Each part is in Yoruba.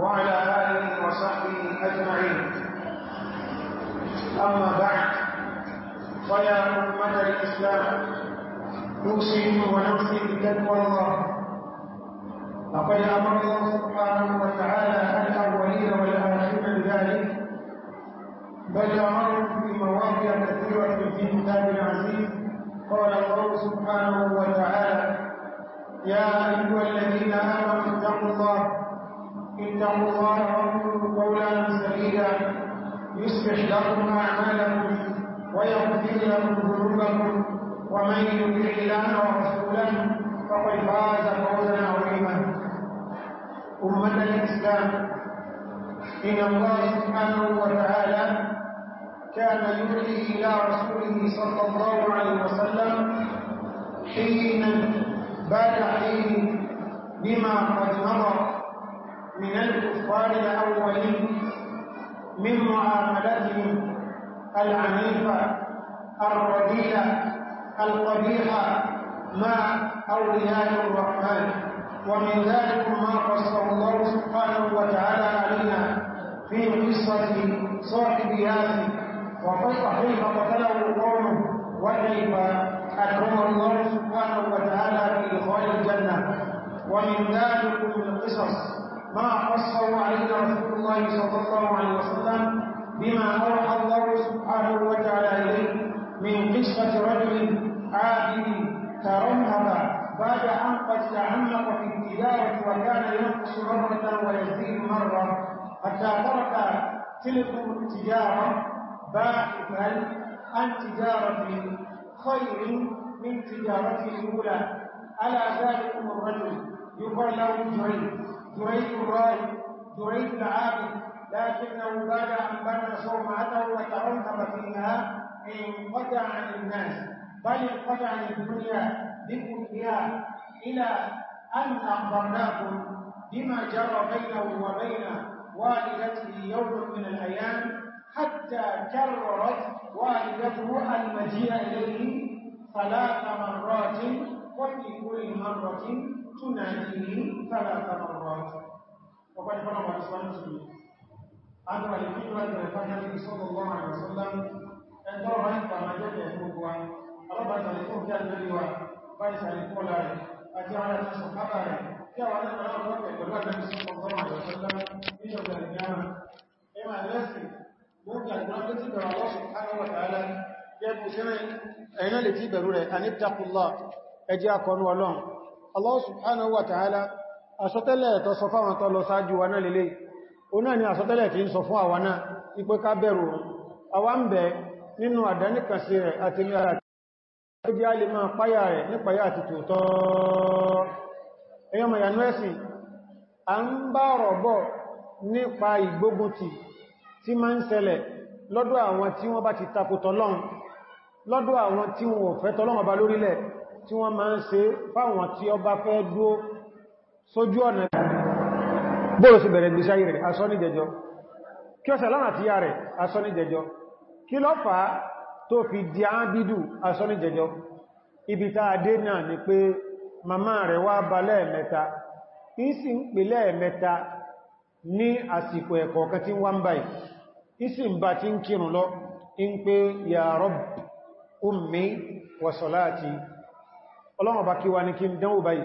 وعلى آله وصحبه أجمعين أما بعد فيا أمة الإسلام نوصي ونوصي بتقوى الله لقد أمر الله سبحانه وتعالى الأولين والآخرين بذلك بل أمرهم في مواضع كثيرة في كتاب العزيز قال الله سبحانه وتعالى يا أيها الذين آمنوا اتقوا الله إنه الله وقولوا قولا سديدا يصلح لكم أعمالكم ويغفر لكم ذنوبكم ومن يطع الله ورسوله فقد فاز فوزا عظيما أمة الإسلام إن الله سبحانه وتعالى كان يوحي إلى رسوله صلى الله عليه وسلم حين بال عليه بما قد مضى من الكفار الأولين من معاملتهم العنيفة الرديئة القبيحة مع أولياء الرحمن ومن ذلك ما قصه الله سبحانه وتعالى علينا في قصة صاحب ياسر وقصة كيف قتله قومه وكيف أكرم الله سبحانه وتعالى في إخوان الجنة ومن ذلك القصص ما أصحوا علينا رسول الله صلى الله عليه وسلم بما أوحى الله سبحانه وتعالى إليه من قصة رجل عابد ترهب بعد أن قد تعمق في التجارة وكان ينقص مرة ويزيد مرة حتى ترك تلك التجارة باحثا عن تجارة خير من تجارته الأولى ألا ذلكم الرجل يقال له جريد دريد الراي دريد العابد لكنه بعد أن بنى صومعته وتعمق فيها انقطع عن الناس بل انقطع عن الدنيا بكلها إلى أن أخبرناكم بما جرى بينه وبين والدته يوم من الأيام حتى كررت والدته المجيء إليه ثلاث مرات وفي كل مرة تناديه ثلاث مرات الصلوات وقد فرض الصلاة أن الفكرة الفجر صلى الله عليه وسلم أن ترى أنت ما جاء يفوقها ربما يكون كان نبيها فايس على كل أتي على تصحبها كما أن أنا أرى بالله صلى الله عليه وسلم في يوم القيامة إما الناس ممكن أن تكبر الله سبحانه وتعالى يقول سنة أين التي برورة أن اتقوا الله أجاكم ولهم الله سبحانه وتعالى àsọtẹ́lẹ̀ tó sọ fáwọn tó lọ sáájú wa náà lélẹ̀ o náà ni àsọtẹ́lẹ̀ tí ń sọ fún àwa náà ipé ká bẹ̀rù àwa ń bẹ nínú àdáníkànsí rẹ̀ àti ní ara tó jẹ́ alẹ́ máa páyà rẹ̀ nípayà àti tòótọ́ ẹyọmọ̀ yànú ẹ̀sìn a tí wọ́n máa ń ṣe fáwọn tí ọba fẹ́ dúó sójú ọ̀nà bóòrò sí bẹ̀rẹ̀ gbèsè ayé rẹ̀ asọ́ ní jẹjọ kí ọ̀sẹ̀ lánà àti ya rẹ̀ asọ́ ní jẹjọ kí ló fà á tó fi di ábídù asọ́ ní jẹjọ ibi tá a náà ni pé màmá rẹ̀ wá ba lẹ́ẹ̀mẹ́ta ìsì ń ní àsìkò ẹ̀kọ̀ kan tí wá ya Rabb ummi wa salati ọlọ́run ọba kí wa báyìí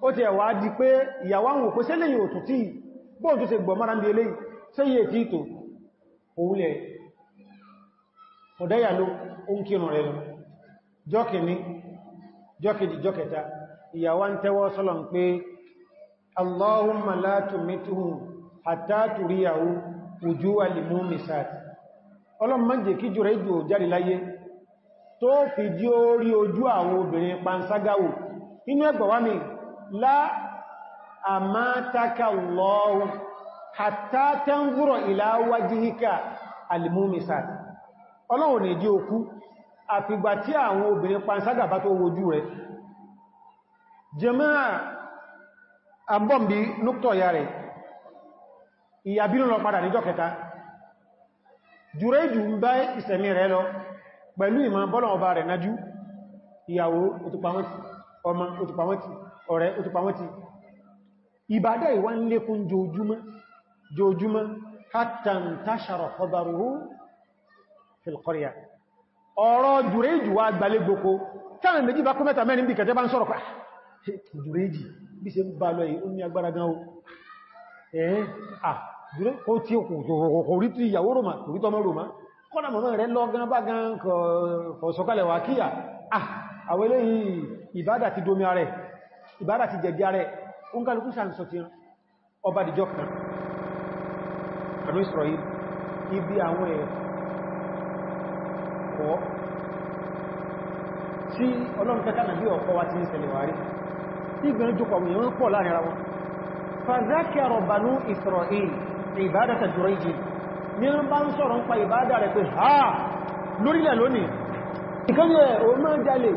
ó ti ẹ̀wà di pé ìyàwó àwọn òpó sílẹ̀ yóò tún tí bóò tó ti gbọ̀ mara ń bí eléyìí sí yẹ tí ìtò òwúlẹ̀ ọ̀dáyà ló ń kírùn rẹ̀ lọ jọ́kìní jọ́kìdì jọ́kẹta ìyàwó ń tẹ́wọ́ sọ́lọ̀ pé Allahumma la amátaka Allahu hatta tanzura ila wajhika al-mumisat ọlọ́run ní jí okú obere tí àwọn obìnrin panṣágà bá tó wojú rẹ̀ jẹmáà àbọ̀m̀bí núktọ̀ ya rẹ̀ ìyàbínú lọ padà níjọ́ kẹta jùrẹ́jù ń bá ìsẹ̀mí rẹ̀ lọ pẹ̀lú ìmọ̀ bọ́lọ̀ ọba rẹ̀ nájú ìyàwó òtùpàwọ́tì ọ̀rẹ́ ó ti pàwọ́ ti ìbádá ìwá ń lékún jòjúmọ́ jòjúmọ́ hátàn tàṣàrọ̀ ọbarúrú filkọríà ọ̀rọ̀ jùrẹ́jù wá gbalégboko táwọn méjì bá kó mẹ́ta mẹ́rin bí kẹta bá ń sọ̀rọ̀ pà ah, jùrẹ́jì bí ṣe ń bá lọ yìí ó ní agbára gan o ẹ̀ẹ́n à ah, jùrẹ́ ó tí kò rí tí ìyàwó roma kò tọmọ roma kọ́nà mọ̀mọ́ rẹ̀ lọ gan bá gan kọ̀ wà kíyà à ah, àwọn ìbádà ti domi ara ìbára ti jẹ̀bi o oún kálukú sàrìsọ ti ọba dìjọ kan àrú ìsọ̀rọ̀ ibi àwọn ẹ̀kọ́ tí ọlọ́run kẹta nàbí ọ̀kọ́ wa ti ń ṣẹlẹ̀ wárí ìgbẹ̀rin jókòó àwọn èèyàn pọ̀ láàrin ara wọn fàzákẹ̀rọ bànú ìsọ̀rọ̀ ìbádàtà jùrọ ìjì ní ń bá ń sọ̀rọ̀ ń pa ìbádà rẹ̀ pé ha lórílẹ̀ lónìí ìkẹ́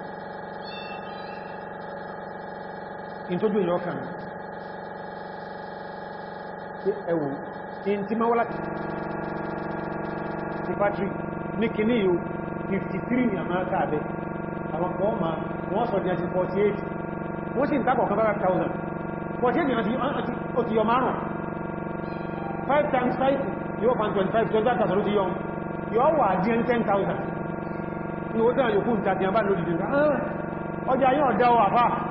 in tó gbìyàn ọkàn pé ẹwù in ti máa wá láti ti patrick ní kìíní yóò 53 ní àmáríkà abẹ́ àwọn kan ma wọ́n sọ díẹ̀ ti 48 wọ́n sì ń tàbọ̀ kan 5,000 48 ní ó ti yọ márùn 5 times 5 yóò fa 25 25,000 ló ti yọ yóò wà díẹ̀ 10,000 ní ó tẹ́ràn yóò kú ìtàdìyàn bá lórí ah, ọjà yóò dáwọ́ àfáà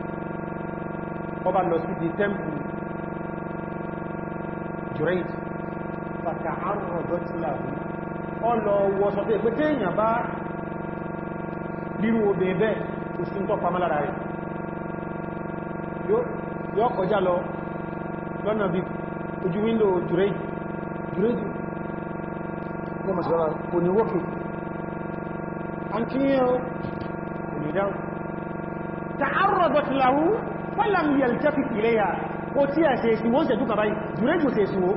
ọba lọ sí di tẹ́mpù jùrẹ́ìt pàtà àrùn ọ̀dọ́ tí láàrù ọlọ wọ sọ pé pé téèyàn bá rírú obè bẹ́ẹ̀ kò sí tọ́ pamọ́ lára rẹ̀ yóò kọjá lọ lọ́nà bí ojú wíńdò jùrẹ́ìt jùrẹ́ìt ní mọ̀sílára kò ní wọ́pù àti yíò fọ́làm yẹ̀lẹ́tẹ́fì ìlẹ́yà ó tí ẹ̀ sẹ́sì wọ́n sẹ̀jú kàbá ìjúrẹ́jù sẹ́sì wó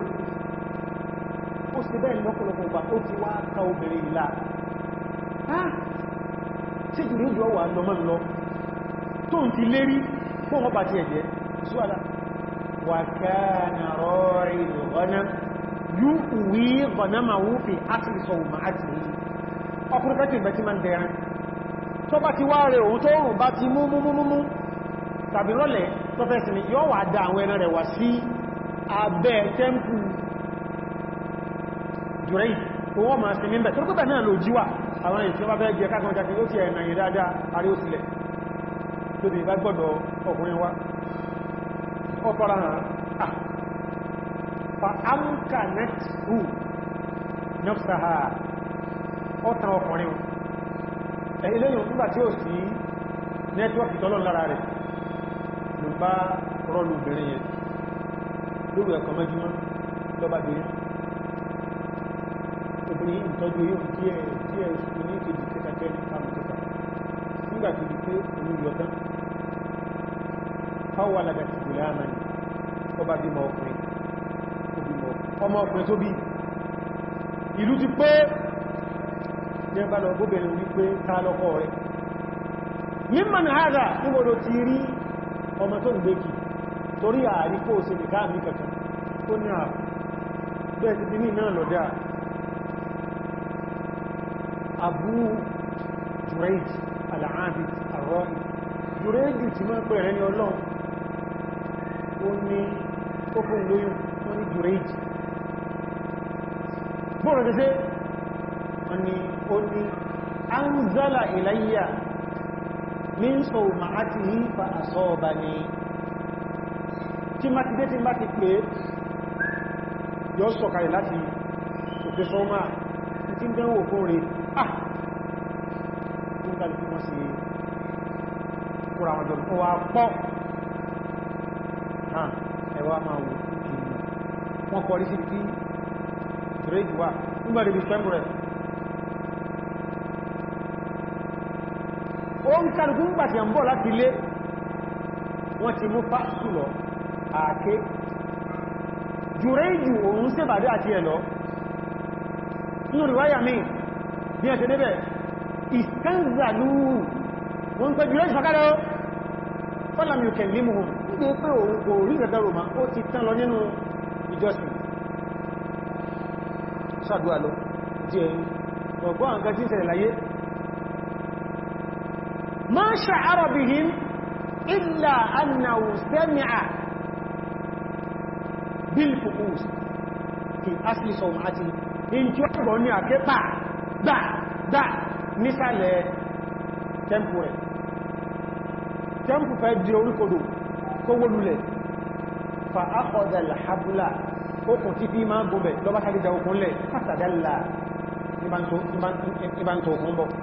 ó sì bẹ́ẹ̀ lọ́pọ̀lọpọ̀ bá ó ti wá ká obìnrin ìlà ọkùnrin kẹ́kẹ́ ìgbẹ̀ ma ń dẹ̀rẹ̀ tó bá ti wá rẹ̀ òun tó rùn bá ti mú mú mú mú tàbí rọ́lẹ̀ tó fẹ́ sinmi yóò wà dá àwọn ẹran rẹ̀ wà sí abẹ́ tẹ́mpù jùrẹ́ owó ma sinmi mẹ́ tó kọ́bẹ̀ náà ló jíwà àwọn èyí tí ó bá fẹ́ jẹ kákan jáde ó ti ẹ̀nà yìí dáadáa arí ó tilẹ̀ tóbi bá gbọ́dọ̀ ọkùnrin wa ó fọ́ra hàn á ah, fa amka net tí ó sí nẹ́tíwọ́kì tọ́lọ́ lára rẹ̀ bá rọ́lù obìnrin yẹn lórí ẹ̀kọ́ mẹ́júmọ́ lọ́bá dé obìnrin yìí tọ́jú yóò tí ẹ̀ tí ẹ̀ sùn ní kejì kẹtàkẹ́ ní pàmù kẹta nígbà tí di pé òun yọ tán fáwọn alága ti gbìlá àmà ní ọba bímọ ọkùnrin ọmọ ọkùnrin tó bí ìlú ti pé ní ẹbá lọ gbóbẹ̀rẹ̀ wípé ta lọ́kọ rẹ̀ mímọ̀ ní hádà níbodò ti rí ọmọ tó ń gbé kí torí ààrí kó sí ní káàmì kẹta tó ní ààrùn bẹ́ẹ̀ ti bí ní náà lọ́dá Abu Jurayj al-Abid ar-Ra'i Jurayj ti máa ní ọlọ́run ó ní ó lóyún wọ́n ní Jurayj bọ́ọ̀rọ̀ gẹ́gẹ́ wọ́n ni ó ní min sawma'atihi fa asobani, tí má ti dé tí má ti pé yóò sọ̀kalẹ̀ láti òkè sọ́mà tí ń dánwò fún rẹ̀ ah tí ń kàlùkù wọ́n sí kúrò àwọn jọ kó wá pọ́ ah! ẹwà máa wò kí wọ́n kọrí sí tí rẹ̀ jù wá nígbàrí bí sẹ́mù rẹ̀ ó ń kàrùkú ń gbàtí àmbọ̀ láti lé wọ́n ti mú fásitì lọ àáké jùrẹ́jù òun sẹ́bàdé àti ẹ̀lọ inú ríwáyà mi bí ẹ̀ tẹ́lẹ́bẹ̀ ìsẹ́nzàlú wọ́n pẹ́ jùrẹ́jù fakalẹ́ ó fọ́làmì òkè límùhùn nígbé pé òun kò rí gẹ̀gẹ̀rò ma ó ti tán lọ nínú ìjọsìn sàdúwà lọ jẹ́ ọgbọ́n nǹkan tí ń ṣẹlẹ̀ láyé ما شعر بهم إلا أنه سمع بالفقوس في أصل صومعته إن تحبني أكبع دع دع مثال تنفر تنفر فيديو لكدو كولو لك فأخذ الحبل okùn tí fi máa gúnbẹ̀ lọ́bá sáré jẹ okùn lẹ̀ fásàdẹ́là ìbántò fún bọ̀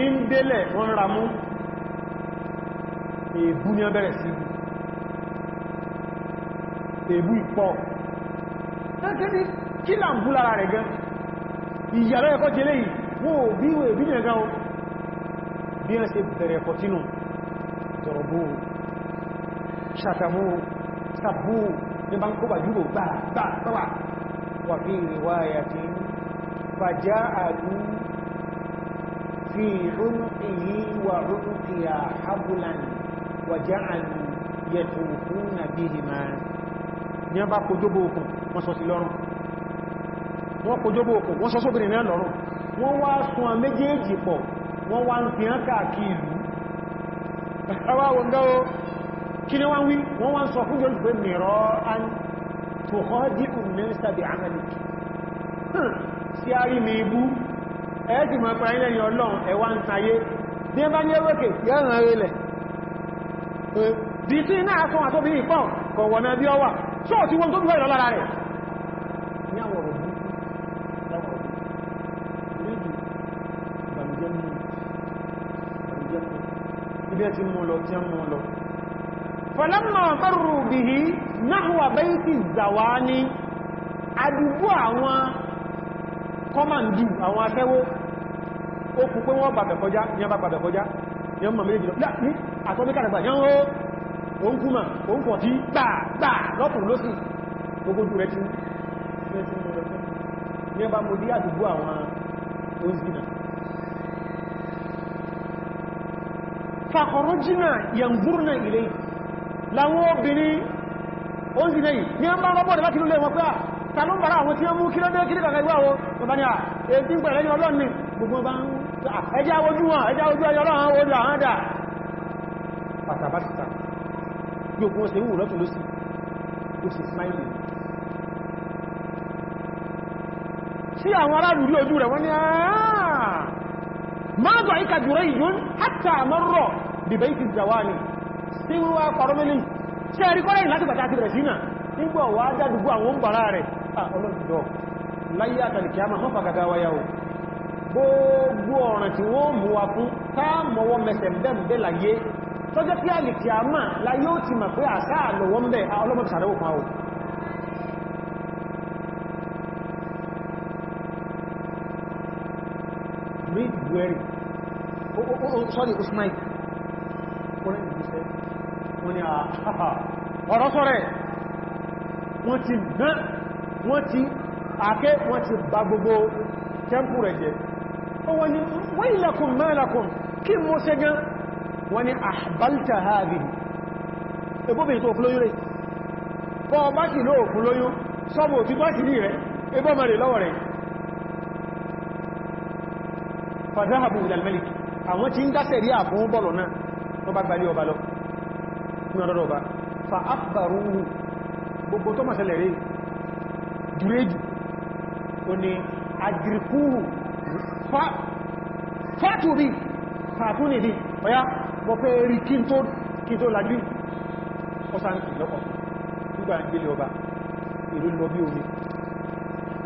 in délẹ̀ wọ́n ra mú èébú ní ọbẹ̀rẹ̀ sí èébú ìpọ̀ kí là ń bú lára rẹ̀ gan ìyàrá ẹ̀kọ́ jẹlé yìí wọ́n ò bí ìwé ìbí nìyàn gan bí wọ́n ṣe bẹ̀rẹ̀ ẹ̀kọ́ tínú dọ̀rọ̀bó في عنقه وعنقها حبلا وجعلوا يطوفون بهما ní a bá kojúbò okùn wọ́n sọ sí lọ́rùn wọ́n kojúbò okùn wọ́n sọ sóbìnrin náà lọ́rùn wọ́n wá sun a méjèèjì pọ̀ wọ́n wá ń fi hàn káàkì ìlú ẹwà kí ni wọ́n wí wọ́n wá ń sọ fún jọlù pé mìírọ̀ an tó họ́ díkùn mẹ́sàbì amẹ́lì sí a mi ibú ẹ̀ẹ́sì mọ̀ pẹ̀lú ẹ̀yìn ọlọ́run ẹ̀wà ń sayé bí ẹ bá ní ẹwẹ́kẹ̀ yẹ́rùn rẹ̀lẹ̀ dì sí náà sọ àtọ́bí ìpọ̀n kọ̀ wọ̀nà bí ọwà sọ́ọ̀ wọ́n tó búrẹ̀ lọ́lára rẹ̀ kọ́màndù àwọn akẹ́wó ó kù pé wọ́n gbàbẹ̀ kọjá ní ọba gbàbẹ̀ kọjá ní ọmọ méjì lọ ní àtọ́míkàràgbà yán ó òun kúmà òun pọ̀ tí gbàgbà lọ́kùn lóṣù gbogbo rẹ̀ ti ní ọba mo dí àdúgbò àwọn oúnjẹ fàkọ̀rọ̀ jìnà yàngúrùnà ilé láwọn obìnrin oúnjẹ yìí ní ọba rọ́bọ̀ ta ló ń bára àwọn tí wọ́n mú kí lọ́dẹ́ kí lọ́dẹ́ ìgbà wọn tó bá ní à èdè pẹ̀lẹ́ ní ọlọ́run ní gbogbo bá ń ẹjá ojú wọn ẹjá ojú ẹjọ́ ọlọ́run ó lọ àwọn dà pátápátá gbogbo wọn ṣe wù lọ́tún lọ́sì ó sì smile sí àwọn aráàlú rí ojú rẹ̀ wọ́n ní máàzọ̀ ìkà jùrẹ́ ìyún hátà mọ́rọ̀ bìbẹ̀ ìtì jàwálì sí wíwá pàrọ́mẹ́lì ṣe ẹ̀rí kọ́rẹ̀ láti pàtàkì rẹ̀ sínà nígbọ̀ wá jádùgbò àwọn ń rẹ̀ ọlọ́dìdọ̀ láyé àtàlìkì a máa hàn fàgagá wáyá o gbogbo ọ̀ràn tí wọ́n mú wa fún táàmọ̀wọ́ mẹsẹ̀ bẹ́m̀bẹ́ láyé tó jẹ́ pé àlìkì a máa láyé ó ti mà pé àṣà àlọ́wọ́ ń bẹ̀ ọlọ́mọ̀tàrẹ́wò pa o read Buhari oh, oh, oh, sorry Usman orin ìgbìsẹ̀ wọ́n ni àà ah, ọ̀rọ̀ sọ́rẹ̀ wọ́n ti gbọ́n wọ́n ti àkẹ́ wọ́n ti bá gbogbo tẹ́mpù rẹ̀ jẹ́ ó wọ́n ni wailakum malakum kí mọ́ ṣe gan wọ́n ni ahbalta hadhihi ebóbi tó fún lóyún rẹ̀ bọ́ bá sì lóò fún lóyún sọ́bọ̀ tí bá sì rí rẹ̀ ebọ́ mẹ́rin lọ́wọ́ rẹ̀ fadahabu ilal gbogbo tó mọ̀ ṣẹlẹ̀ rẹ̀ gúrédì o ni agrikúrù fàtúrí fàtúrí bí ọya mọ̀ pé rí kí n tó lajú ọsánkì lọ́pọ̀ nígbà ìgbélé ọba ìlú lọ bí omi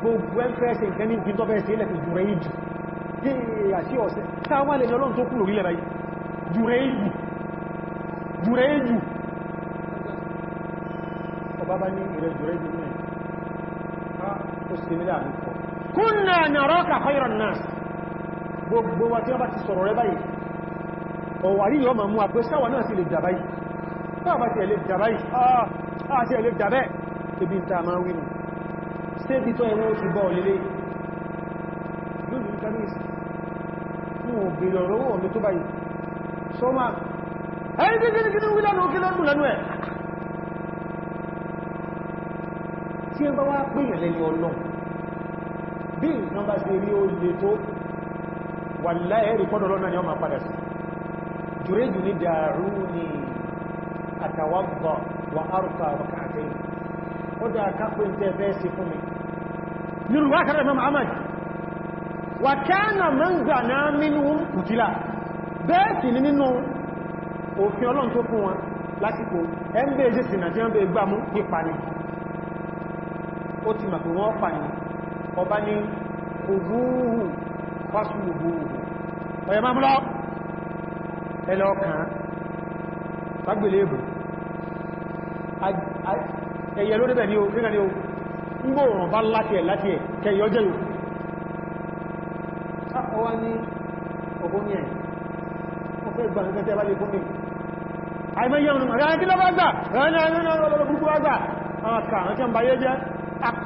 gbogbo ẹgbẹ́ ṣe nǹkan ní ìgbìntọ́fẹ́ sí ilẹ̀ fi jùrẹ́ ìjù tí àti ọ̀sẹ̀ táwọn alẹ́ ni ọlọ́run tó kúrò rílẹ̀ báyìí jùrẹ́ ìjù jùrẹ́ ìjù ọba bá ní ìrẹ́ jùrẹ́ ìjù náà mùsùlùmí láàrin kúnnà nàrọ́kà khayran nas gbogbo wa tí wọ́n bá ti sọ̀rọ̀ rẹ báyìí ọ̀wàrí yọ ma mú àpé sáwà náà sí lè jà báyìí bá ti ẹ̀lẹ́ jà báyìí àà sí ẹ̀lẹ́ jà bẹ́ẹ̀ ibi ta máa wínú sẹ́bí tó tí ẹ bá wá pèèyàn lẹ́ni ọlọ́ bí nǹkan bá ṣe rí ó lè tó wà láẹ̀rí fọ́dọ̀ lọ́nà ni ọ máa padà sí jùrẹ́jù ní dàárú ni àtàwàgbà wà árùkà wákàtẹ́ ó dá kápẹ́ tẹ́ bẹ́ẹ̀ sí fún mi nínú wákàtẹ́ mọ́ Muhammad wà kánà mẹ́ngbà náà nínú kùtílà bẹ́ẹ̀ sì ní nínú òfin ọlọ́run tó fún wọn lásìkò ẹ ń bẹ́ẹ̀ jẹ́sìn àti ó ti mọ̀ pé wọ́n pà ní ọba ní ogúhù fásúlùgbò ọ̀yẹ̀ ẹ̀yẹ ló débẹ̀ ní o kíkà ní o ń gbò ràn bá láti ẹ̀ láti ẹ̀ kẹyọ jẹ́ yóò ọwá ní ọgbọ́n ní ẹ̀ wọ́n fẹ́ gbà nǹkan tẹ́ bá lè fún mi àìmọ́ yẹun rẹ̀ kí lọ́gbà gbà rẹ̀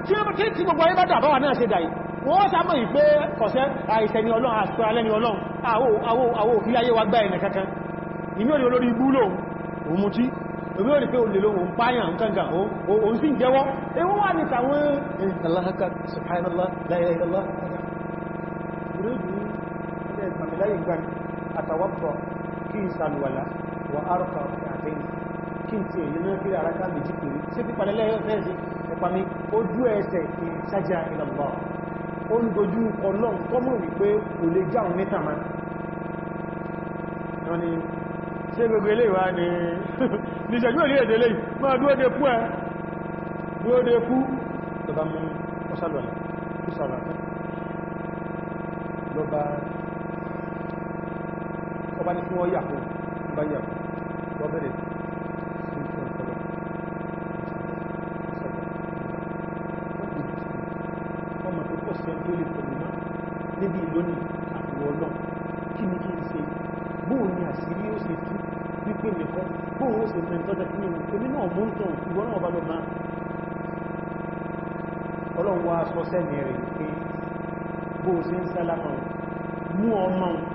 tí ó kí tí gbogbo ayébádà bá wà náà ṣe dàí wọ́n sámọ̀ ìpé ọ̀sẹ́ àìsẹni ọlọ́run àṣọ́alẹ́ni ọlọ́run àwọ̀ òfin ayé wa gbá ẹ̀nà kankan inú òní olórí ibú lòun òmùtí òbí òní pé olè lòun páyàn nǹkankan òun sì ń jẹ́wọ́ ewu wà ní tàwọn ìtàláhàkà subhanallah la ilaha illallah kí n tí èyí náà fi àrákà méjì pèrè sí pípàdé lẹ́yọ́ fẹ́ sí pàmí ojú ẹsẹ̀ ìṣájá ìlàlọ́ ó ń dojú ọlọ́n kọmọ̀ wípé kò lè já òun níta ma wọ́n ni ṣe gbogbo ilé ìwá ni nìṣẹ̀jú èdè èdè lè máa dúó de kú ẹ dúó de kú tọba mú ọsálọ̀lá lọba ọba ní kí wọ́n yà fún ọba tó lè pẹ̀lú náà níbi ìlónìí àtìwọ̀ náà kí ni kí n ṣe bóò ni àṣírí ó ṣe tú wípé nìkan bóò ó ṣe mẹ́ntọ́jẹ́ kí ni mo èmi náà mú ń tàn ìwọ náà